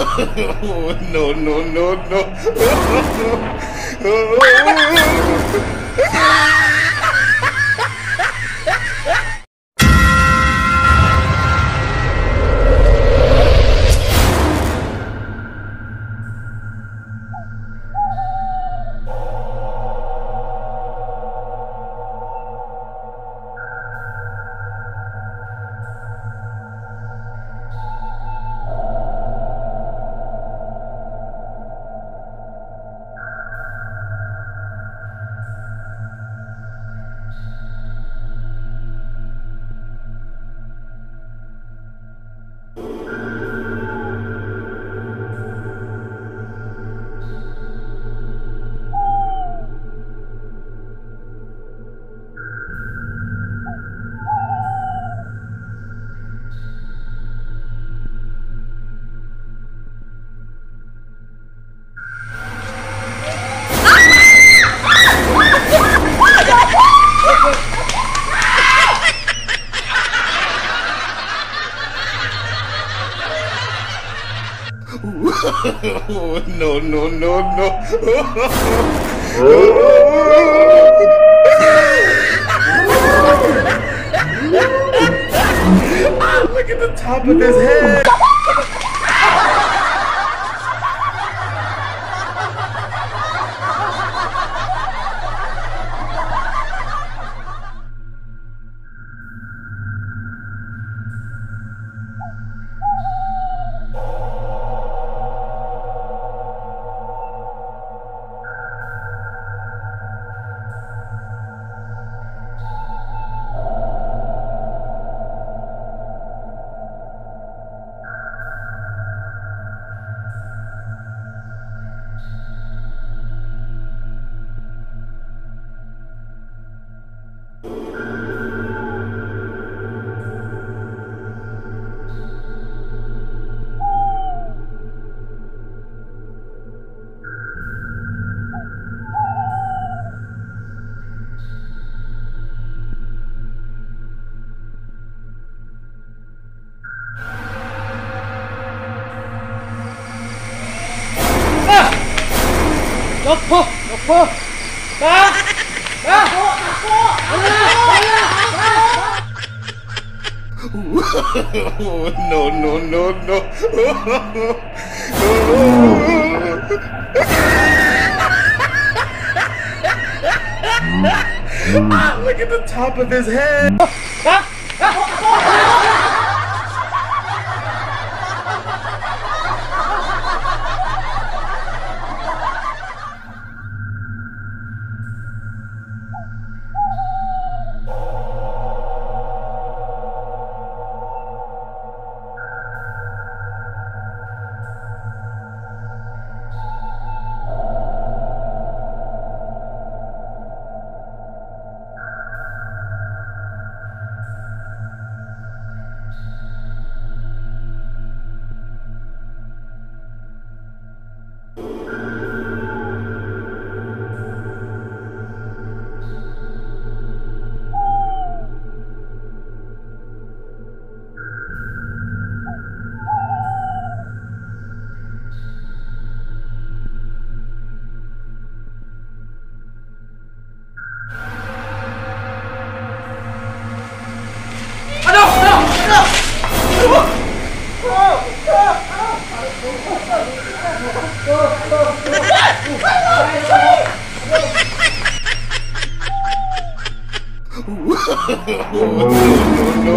oh, no, no, no, no. oh, no, no, no, no. oh, look at the top of his head. oh, no, no, no, no. ah, look at the top of his head. no, no, no.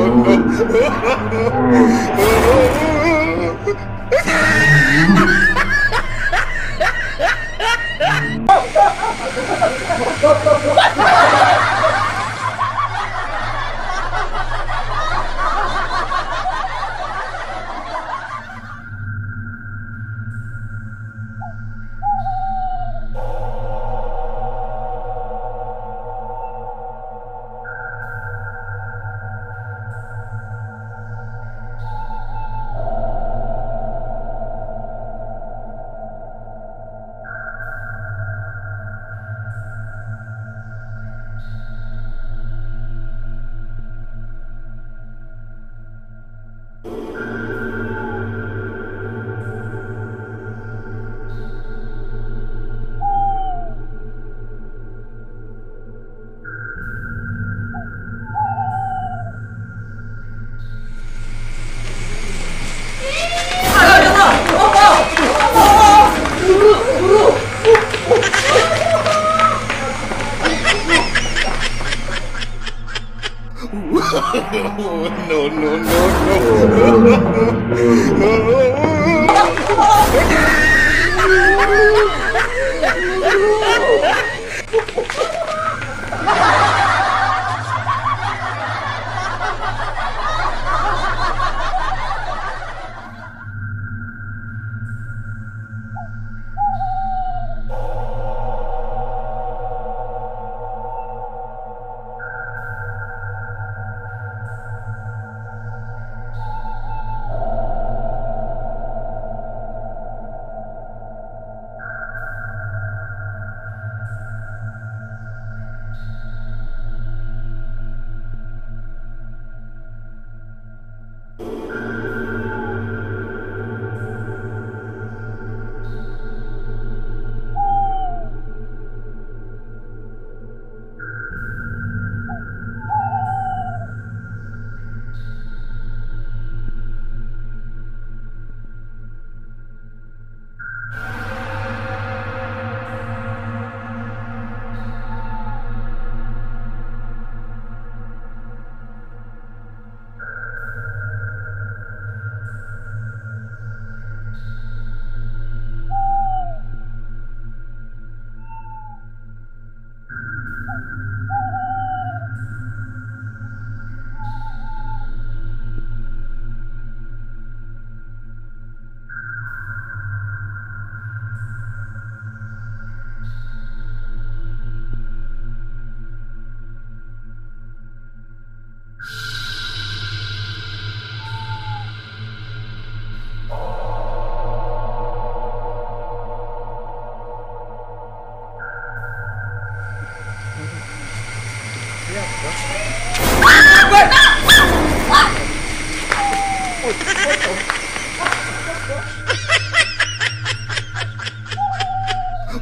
Não! Não! Não!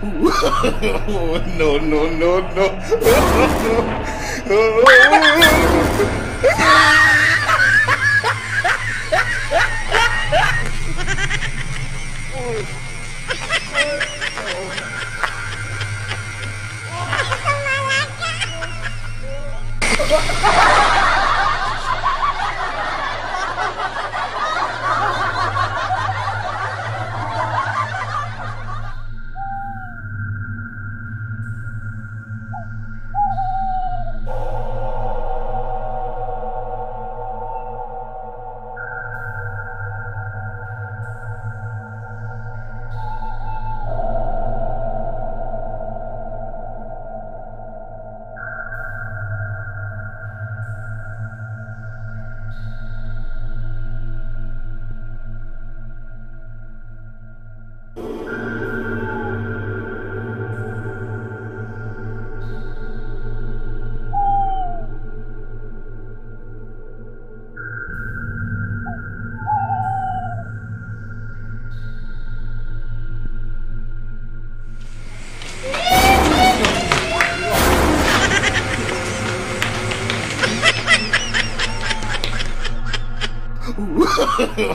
no, no, no, no. Ha ha ha!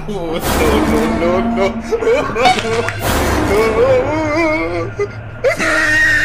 no, no, no, no. no.